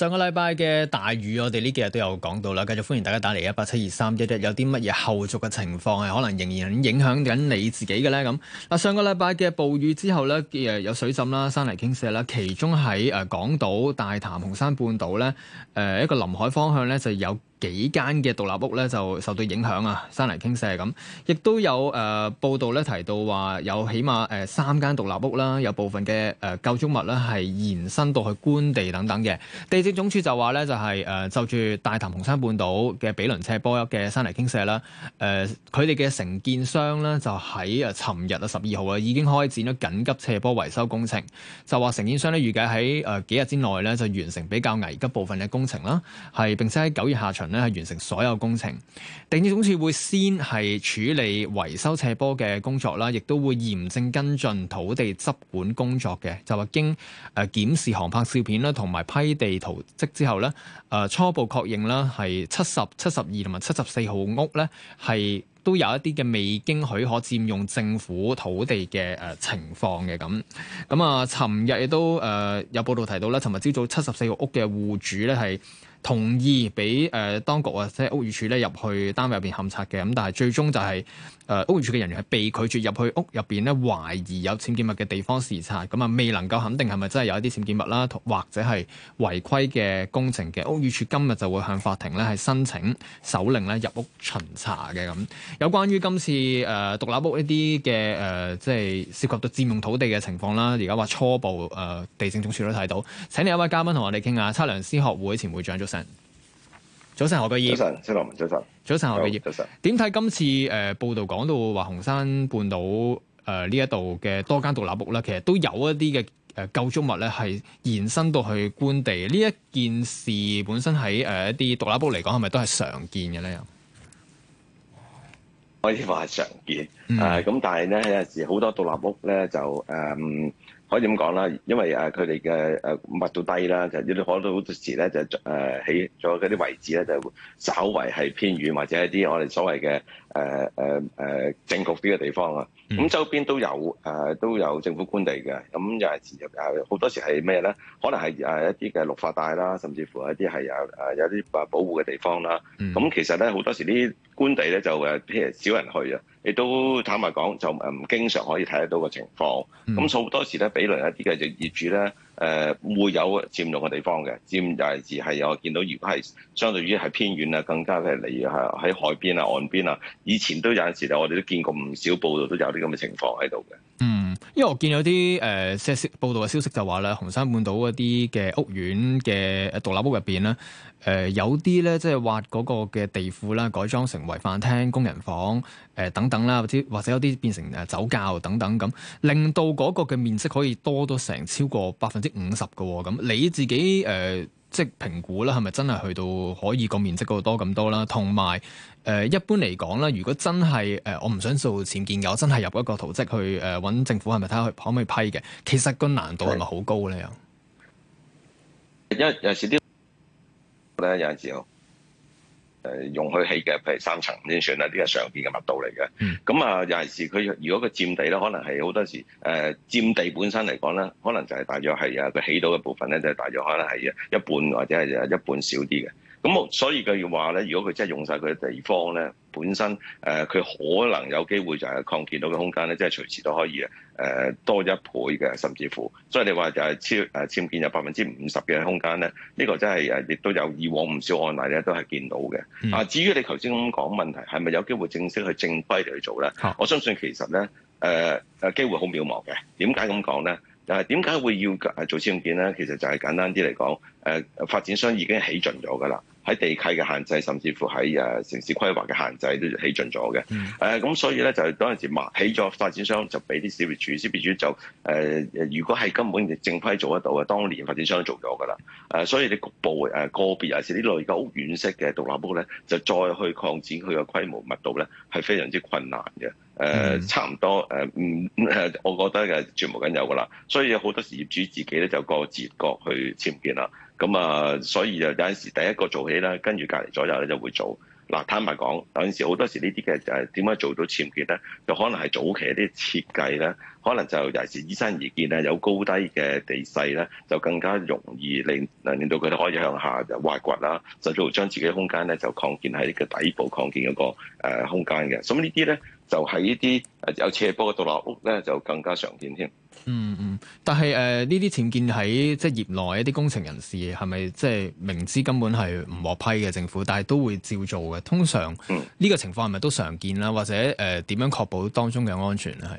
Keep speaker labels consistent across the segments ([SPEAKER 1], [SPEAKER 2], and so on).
[SPEAKER 1] 上個禮拜嘅大雨，我哋呢幾日都有講到啦。繼續歡迎大家打嚟一八七二三一一，172, 3, 1, 有啲乜嘢後續嘅情況係可能仍然影響緊你自己嘅咧？咁嗱，上個禮拜嘅暴雨之後咧，誒有水浸啦、山泥傾瀉啦，其中喺誒港島大潭紅山半島咧，誒、呃、一個臨海方向咧就有。幾間嘅獨立屋咧就受到影響啊，山泥傾瀉咁，亦都有誒、呃、報道咧提到話有起碼誒、呃、三間獨立屋啦，有部分嘅誒、呃、構築物咧係延伸到去官地等等嘅。地政總署就話咧就係、是、誒、呃、就住大潭紅山半島嘅比鄰斜坡嘅山泥傾瀉啦，誒佢哋嘅承建商咧就喺誒尋日啊十二號啊已經開展咗緊急斜坡維修工程，就話承建商咧預計喺誒、呃、幾日之內咧就完成比較危急部分嘅工程啦，係並且喺九月下旬，咧係完成所有工程，地政總署會先係處理維修斜坡嘅工作啦，亦都會嚴正跟進土地執管工作嘅。就話經誒檢視航拍照片啦，同埋批地圖積之後咧，誒初步確認啦係七十七十二同埋七十四號屋咧，係都有一啲嘅未經許可佔用政府土地嘅誒情況嘅咁。咁啊，尋日亦都誒有報道提到啦，尋日朝早七十四號屋嘅戶主咧係。同意俾誒、呃、當局或者屋宇署咧入去單位入邊勘測嘅，咁但係最終就係、是、誒、呃、屋宇署嘅人員係被拒絕入去屋入邊咧懷疑有僭建物嘅地方視察，咁啊未能夠肯定係咪真係有一啲僭建物啦，或者係違規嘅工程嘅，屋宇署今日就會向法庭咧係申請手令咧入屋巡查嘅咁。有關於今次誒、呃、獨立屋一啲嘅誒即係涉及到佔用土地嘅情況啦，而家話初步誒、呃、地政總署都睇到。請你一位嘉賓同我哋傾下，測量師學會前會長早晨，我晨，何早
[SPEAKER 2] 晨，謝樂文，早晨，
[SPEAKER 1] 早晨，何鉅業。早晨，點睇今次誒、呃、報道講到話紅山半島誒呢一度嘅多間獨立屋咧，其實都有一啲嘅誒舊築物咧係延伸到去官地呢一件事，本身喺誒、呃、一啲獨立屋嚟講，係咪都係常見嘅咧？
[SPEAKER 2] 可以話係常見，誒、嗯、咁，但係咧有陣時好多獨立屋咧就誒。嗯可以咁講啦，因為誒佢哋嘅誒密度低啦，就啲可能好多時咧就誒起咗嗰啲位置咧就稍為係偏遠或者係一啲我哋所謂嘅誒誒誒政局啲嘅地方啊。咁周邊都有誒、呃、都有政府官地嘅，咁又係自然有好多時係咩咧？可能係誒一啲嘅綠化帶啦，甚至乎一啲係有啲係有誒有啲誒保護嘅地方啦。咁其實咧好多時啲官地咧就誒譬如少人去啊。亦都坦白講，就唔經常可以睇得到個情況。咁、嗯、好多時咧，比鄰一啲嘅業主咧，誒、呃、會有佔用嘅地方嘅。佔，尤其係我見到，如果係相對於係偏遠啊，更加譬如係喺海邊啊、岸邊啊，以前都有陣時就我哋都見過唔少報道都有啲咁嘅情況喺度嘅。嗯，
[SPEAKER 1] 因為我見有啲誒報報道嘅消息就話咧，紅山半島嗰啲嘅屋苑嘅獨立屋入面咧。誒、呃、有啲咧，即係挖嗰個嘅地庫啦，改裝成為飯廳、工人房誒、呃、等等啦，或者或者有啲變成誒酒窖等等咁，令到嗰個嘅面積可以多到成超過百分之五十嘅喎。咁你自己誒、呃、即係評估啦，係咪真係去到可以個面積嗰度多咁多啦？同埋誒一般嚟講咧，如果真係誒、呃、我唔想做僭建嘅，我真係入一個圖則去誒揾、呃、政府係咪睇下可唔可以批嘅？其實個難度係咪好高咧？因為有
[SPEAKER 2] 時啲。咧有陣時用，誒用佢起嘅譬如三層先算啦，呢個上邊嘅密度嚟嘅。咁啊尤其是佢如果佢佔地咧，可能係好多時誒、呃、佔地本身嚟講咧，可能就係大約係啊佢起到嘅部分咧，就係大約可能係一半或者係一半少啲嘅。咁所以佢要話咧，如果佢真係用晒佢嘅地方咧。本身誒，佢、呃、可能有機會就係擴建到嘅空間咧，即、就、係、是、隨時都可以誒、呃、多一倍嘅，甚至乎，所以你話就係超誒僭建有百分之五十嘅空間咧，呢、這個真係誒亦都有以往唔少案例咧都係見到嘅、嗯。啊，至於你頭先咁講問題係咪有機會正式去正規嚟去做咧、啊？我相信其實咧誒誒機會好渺茫嘅。點解咁講咧？就係點解會要誒做僭建咧？其實就係簡單啲嚟講，誒、呃、發展商已經起盡咗㗎啦。喺地契嘅限制，甚至乎喺誒城市規劃嘅限制都起盡咗嘅。誒、mm、咁 -hmm. 啊，所以咧就係嗰陣時起咗發展商就俾啲小業主，小業主就誒、呃、如果係根本係正規做得到嘅，當年發展商做咗噶啦。誒、啊，所以你局部誒、啊、個別，尤其係啲呢類屋苑式嘅獨立屋咧，就再去擴展佢嘅規模密度咧，係非常之困難嘅。誒、啊，mm -hmm. 差唔多誒，嗯、呃，我覺得嘅絕無僅有噶啦。所以好多時業主自己咧就個自覺去僭建啦。咁啊，所以就有陣時第一個做起啦，跟住隔離左右咧就會做。嗱，坦白講，有陣時好多時呢啲嘅就係點樣做到僭建咧？就可能係早期啲設計咧，可能就尤其是依山而建啊，有高低嘅地勢咧，就更加容易令令到佢哋可以向下就挖掘啦，甚至乎將自己空間咧就擴建喺個底部擴建嗰個誒空間嘅。咁呢啲咧。就喺呢啲有斜坡嘅獨立屋咧，就更加常
[SPEAKER 1] 見添。嗯嗯，但係誒呢啲僭建喺即係業內一啲工程人士係咪即係明知根本係唔獲批嘅政府，但係都會照做嘅？通常呢、嗯這個情況係咪都常見啦？或者誒點、呃、樣確保當中嘅安全係？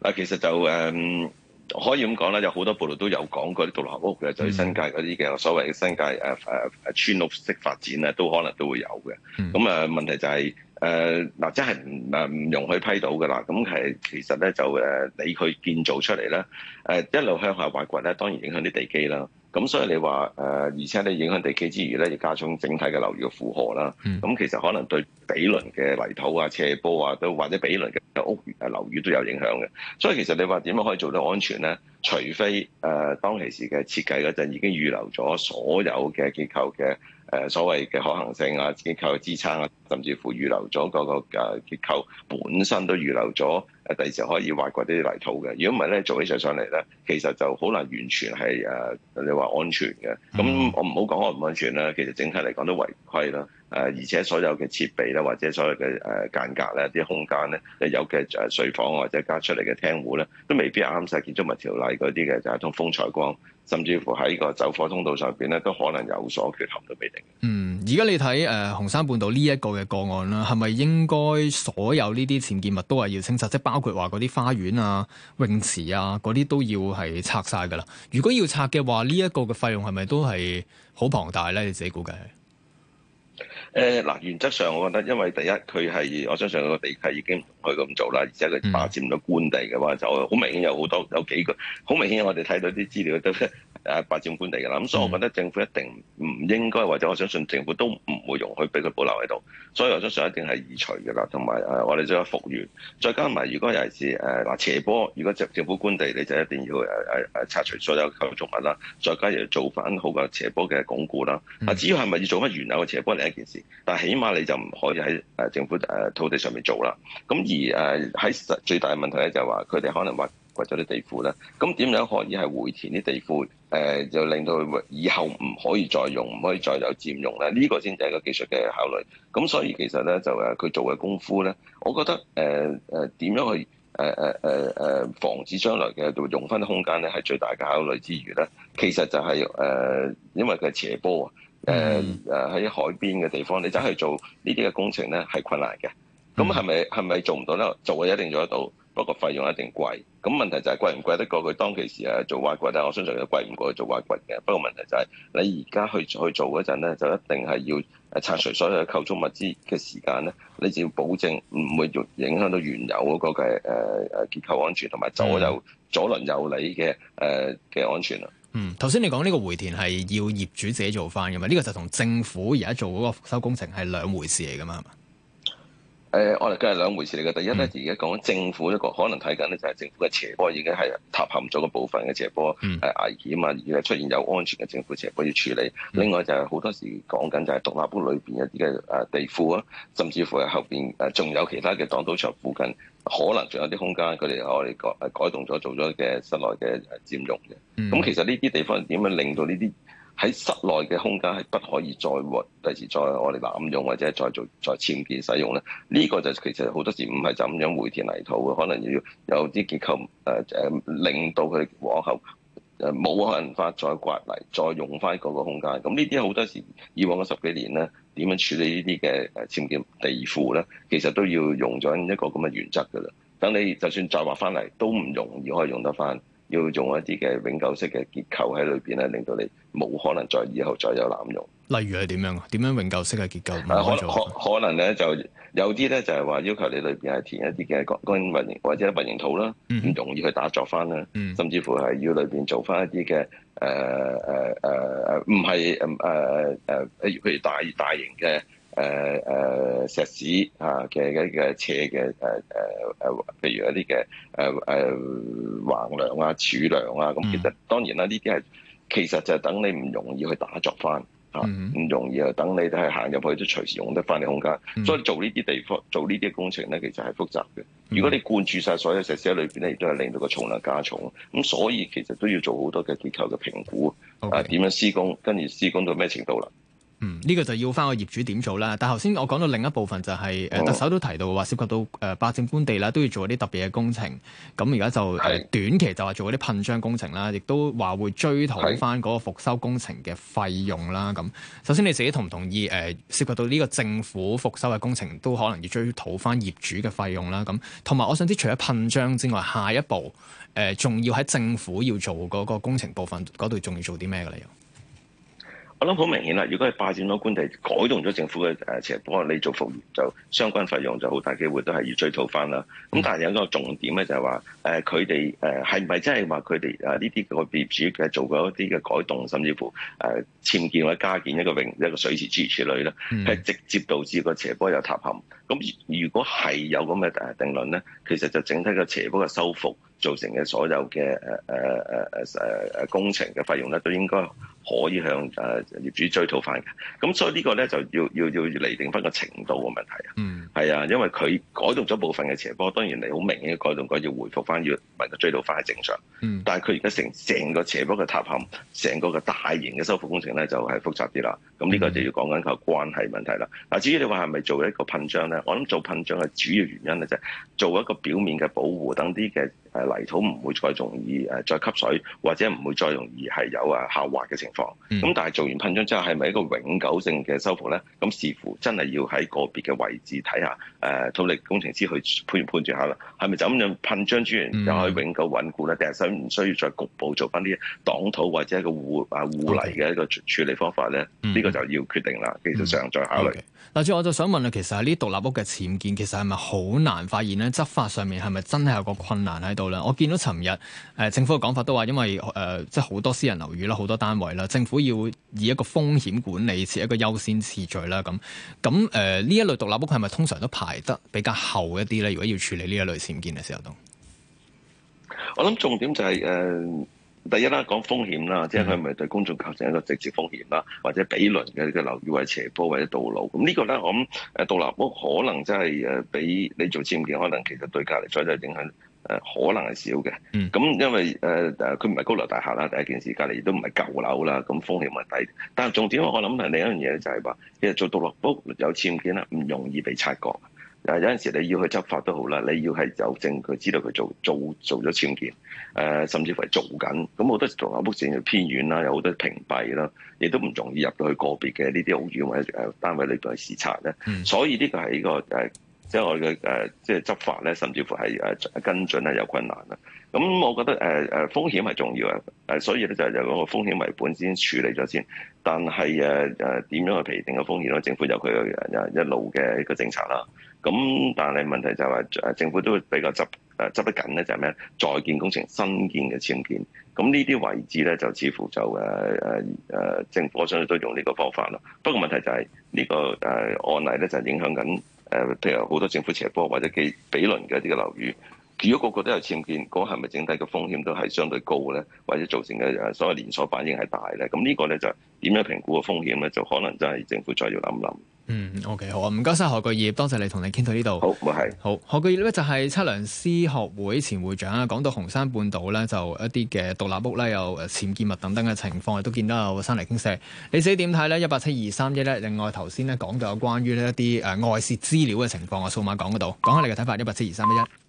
[SPEAKER 2] 嗱，其實就誒、嗯、可以咁講啦，有好多報道都有講過啲獨立屋嘅，在、就是、新界嗰啲嘅所謂嘅新界誒誒、啊啊、村屋式發展啊，都可能都會有嘅。咁、嗯、誒、嗯、問題就係、是。誒、呃、嗱，即係唔唔容許批到噶啦，咁其實咧就誒、呃、你佢建造出嚟咧，誒、呃、一路向下挖掘咧，當然影響啲地基啦。咁所以你話誒、呃，而且你影響地基之餘咧，要加重整體嘅樓宇嘅負荷啦。咁、嗯、其實可能對比鄰嘅泥土啊、斜坡啊，都或者比鄰嘅屋啊、樓宇都有影響嘅。所以其實你話點樣可以做到安全咧？除非誒、呃、當其時嘅設計嗰陣已經預留咗所有嘅結構嘅。誒所謂嘅可行性啊，結構嘅支撐啊，甚至乎預留咗嗰個誒結構本身都預留咗誒第時可以挖掘啲泥土嘅。如果唔係咧，做起上上嚟咧，其實就好難完全係誒，你話安全嘅。咁我唔好講安唔安全啦，其實整體嚟講都違規啦。誒，而且所有嘅設備啦，或者所有嘅誒間隔咧，啲空間咧，尤其係就係睡房或者加出嚟嘅廳戶咧，都未必啱晒建築物條例嗰啲嘅，就係一種風採光，甚至乎喺個走火通道上邊咧，都可能有所缺陷都未定。嗯，
[SPEAKER 1] 而家你睇誒紅山半島呢一個嘅個案啦，係咪應該所有呢啲僭建物都係要清拆？即係包括話嗰啲花園啊、泳池啊嗰啲都要係拆晒㗎啦。如果要拆嘅話，呢一個嘅費用係咪都係好龐大咧？你自己估計是？
[SPEAKER 2] 誒、呃、嗱，原則上我覺得，因為第一佢係我相信個地契已經佢咁做啦，而且佢霸佔咗官地嘅話，就好明顯有好多有幾個，好明顯我哋睇到啲資料都。霸佔官地㗎啦，咁所以我覺得政府一定唔應該，或者我相信政府都唔會容許俾佢保留喺度，所以我相信一定係移除㗎啦，同埋誒我哋將佢復原，再加埋如果尤其誒係斜坡，如果政政府官地，你就一定要誒誒誒拆除所有構築物啦，再加要做翻好嘅斜坡嘅鞏固啦。啊，至於係咪要做翻原有嘅斜坡，另一件事，但係起碼你就唔可以喺誒政府誒土地上面做啦。咁而誒喺最大嘅問題咧，就係話佢哋可能話。或者啲地庫咧，咁點樣可以係回填啲地庫？誒、呃，就令到佢以後唔可以再用，唔可以再有佔用咧。呢、這個先係個技術嘅考慮。咁所以其實咧就誒，佢做嘅功夫咧，我覺得誒誒點樣去誒誒誒誒防止將來嘅用返空間咧，係最大嘅考慮之餘咧，其實就係、是、誒、呃，因為佢係斜坡啊，誒誒喺海邊嘅地方，你走去做呢啲嘅工程咧係困難嘅。咁係咪係咪做唔到咧？做嘅一定做得到。不過費用一定貴，咁問題就係貴唔貴得過佢當其時啊做挖掘？但係我相信佢貴唔過佢做挖掘嘅。不過問題就係你而家去去做嗰陣咧，就一定係要拆除所有嘅構築物資嘅時間咧，你就要保證唔會影響到原有嗰個嘅誒誒結構安全同埋左右左鄰右里嘅誒嘅安全啦。嗯，
[SPEAKER 1] 頭、嗯、先你講呢個回填係要業主自己做翻嘅嘛？呢、呢個就同政府而家做嗰個復修工程係兩回事嚟㗎嘛？
[SPEAKER 2] 誒、嗯，我哋梗係兩回事嚟嘅。第一咧，而家講緊政府一個可能睇緊咧，就係政府嘅斜坡已經係塌陷咗個部分嘅斜坡，誒、嗯、危險啊，而係出現有安全嘅政府斜坡要處理。另外就係好多時講緊就係獨立屋裏面一啲嘅地庫啊，甚至乎係後面仲有其他嘅擋土牆附近，可能仲有啲空間，佢哋我哋改動動咗，做咗嘅室內嘅誒佔用嘅。咁、嗯、其實呢啲地方點樣令到呢啲？喺室內嘅空間係不可以再或第時再我哋濫用或者再做再僭建使用咧，呢、呢個就其實好多時唔係就咁樣回填泥土嘅，可能要有啲結構誒誒、呃、令到佢往後誒冇辦法再刮嚟，再用翻嗰個空間。咁呢啲好多時以往嘅十幾年咧，點樣處理呢啲嘅誒僭建地庫咧，其實都要用咗一個咁嘅原則㗎啦。等你就算再挖翻嚟，都唔容易可以用得翻。要用一啲嘅永久式嘅結構喺裏邊咧，令到你冇可能再以後再有濫用。
[SPEAKER 1] 例如係點樣？點樣永久式嘅結構可、啊？可可，
[SPEAKER 2] 可能咧就有啲咧就係、是、話要求你裏邊係填一啲嘅軍軍殼或者混凝土啦，唔容易去打作翻啦、嗯，甚至乎係要裏邊做翻一啲嘅誒誒誒唔係誒誒譬如譬如大大型嘅。誒、呃、誒、呃、石屎嚇嘅一啲嘅斜嘅誒誒誒，譬、呃呃、如一啲嘅誒誒橫梁啊、柱梁啊，咁、嗯、其實當然啦，呢啲係其實就等你唔容易去打鑿翻嚇，唔、啊嗯、容易啊，等你係行入去都隨時用得翻你空間、嗯。所以做呢啲地方做呢啲工程咧，其實係複雜嘅。如果你灌注晒所有石屎喺裏邊咧，亦都係令到個重量加重。咁所以其實都要做好多嘅結構嘅評估，okay. 啊點樣施工，跟住施工到咩程度啦？
[SPEAKER 1] 嗯，呢、這個就要翻個業主點做啦。但係頭先我講到另一部分就係、是，oh. 特首都提到話涉及到誒八政官地啦，都要做一啲特別嘅工程。咁而家就短期就話做一啲噴漿工程啦，亦都話會追討翻嗰個復修工程嘅費用啦。咁首先你自己同唔同意？涉及到呢個政府復修嘅工程，都可能要追討翻業主嘅費用啦。咁同埋，我想知除咗噴漿之外，下一步誒仲要喺政府要做嗰個工程部分嗰度，仲要做啲咩嘅咧？
[SPEAKER 2] 我諗好明顯啦，如果係霸佔咗官地，改動咗政府嘅誒斜坡，你做復原就相關費用就好大機會都係要追討翻啦。咁但係有一個重點咧，就係話誒佢哋誒係唔係真係話佢哋誒呢啲個業主嘅做過一啲嘅改動，甚至乎誒僭建或者加建一個泳一個水池諸如此類咧，係直接導致個斜坡有塌陷。咁如果係有咁嘅定論咧，其實就整體個斜坡嘅修復造成嘅所有嘅誒誒誒誒誒工程嘅費用咧，都應該可以向誒業主追討翻嘅，咁所以呢個咧就要要要釐定翻個程度嘅問題。啊。嗯。係啊，因為佢改動咗部分嘅斜坡，當然你好明顯嘅改動。佢要回復翻，要咪就追到翻係正常。嗯、但係佢而家成成個斜坡嘅塌陷，成個嘅大型嘅修復工程咧，就係、是、複雜啲啦。咁呢個就要講緊佢關係問題啦。嗱，至於你話係咪做一個噴漿咧，我諗做噴漿係主要原因就啫。做一個表面嘅保護，等啲嘅誒泥土唔會再容易誒再吸水，或者唔會再容易係有誒下滑嘅情況。咁、嗯、但係做完噴漿之後係咪一個永久性嘅修復咧？咁視乎真係要喺個別嘅位置睇下。誒、呃、土力工程師去判判斷下啦，係咪就咁樣噴漿資源就可以永久穩固咧？定係需唔需要再局部做翻啲擋土或者一個護啊護泥嘅一個處理方法咧？呢、okay. 個就要決定啦，跟住再考慮。嗱、
[SPEAKER 1] okay.，仲我就想問啦，其實呢獨立屋嘅僭建，其實係咪好難發現咧？執法上面係咪真係有個困難喺度咧？我見到尋日誒政府嘅講法都話，因為誒、呃、即係好多私人樓宇啦，好多單位啦，政府要。以一個風險管理設一個優先次序啦，咁咁誒呢一類獨立屋係咪通常都排得比較後一啲咧？如果要處理呢一類僭建嘅時候都，
[SPEAKER 2] 我諗重點就係、是、誒、呃、第一啦，講風險啦，嗯、即係佢係咪對公眾構成一個直接風險啦，或者比鄰嘅呢個樓宇或者斜坡或者道路咁、這個、呢個咧，我諗誒獨立屋可能真係誒畀你做僭建，可能其實對隔離再都係影響。誒可能係少嘅，咁、嗯、因為誒誒佢唔係高樓大廈啦，第一件事，隔籬亦都唔係舊樓啦，咁風險唔係低。但係重點我諗係另一樣嘢就係、是、話、嗯，其實做獨立屋有僭建啦，唔容易被察覺。誒有陣時候你要去執法都好啦，你要係有證據知道佢做做做咗僭建，誒、呃、甚至乎係做緊。咁好多獨立屋線又偏遠啦，有好多屏蔽啦，亦都唔容易入到去個別嘅呢啲屋苑或者誒單位裏邊去視察咧、嗯。所以呢個係呢個誒。呃即係我哋嘅誒，即係執法咧，甚至乎係誒跟進啊，有困難啦。咁我覺得誒誒風險係重要啊，誒所以咧就係有嗰個風險為本先處理咗先。但係誒誒點樣去評定個風險咧？政府有佢嘅一路嘅一個政策啦。咁但係問題就係誒政府都比較執誒執得緊咧，就係咩咧？在建工程、新建嘅僭建，咁呢啲位置咧就似乎就誒誒誒政府我想都用呢個方法啦。不過問題就係呢個誒案例咧就係影響緊。誒，譬如好多政府斜坡或者幾比鄰嘅一啲嘅樓宇，如果個個都有僭建，嗰係咪整體嘅風險都係相對高咧，或者造成嘅所謂連鎖反應係大咧？咁呢個咧就點樣評估個風險咧？就可能真係政府再要諗諗。
[SPEAKER 1] 嗯，OK，好啊，唔該晒何鉅業，多謝，謝你同你傾到呢度，好，唔係，好何鉅業呢就係測量師學會前會長啊，講到紅山半島咧就一啲嘅獨立屋咧有誒僭建物等等嘅情況，亦都見到有生嚟傾瀉，你自己點睇咧？一八七二三一咧，另外頭先咧講到有關於呢一啲誒外泄資料嘅情況啊，數碼港嗰度，講下你嘅睇法，一八七二三一一。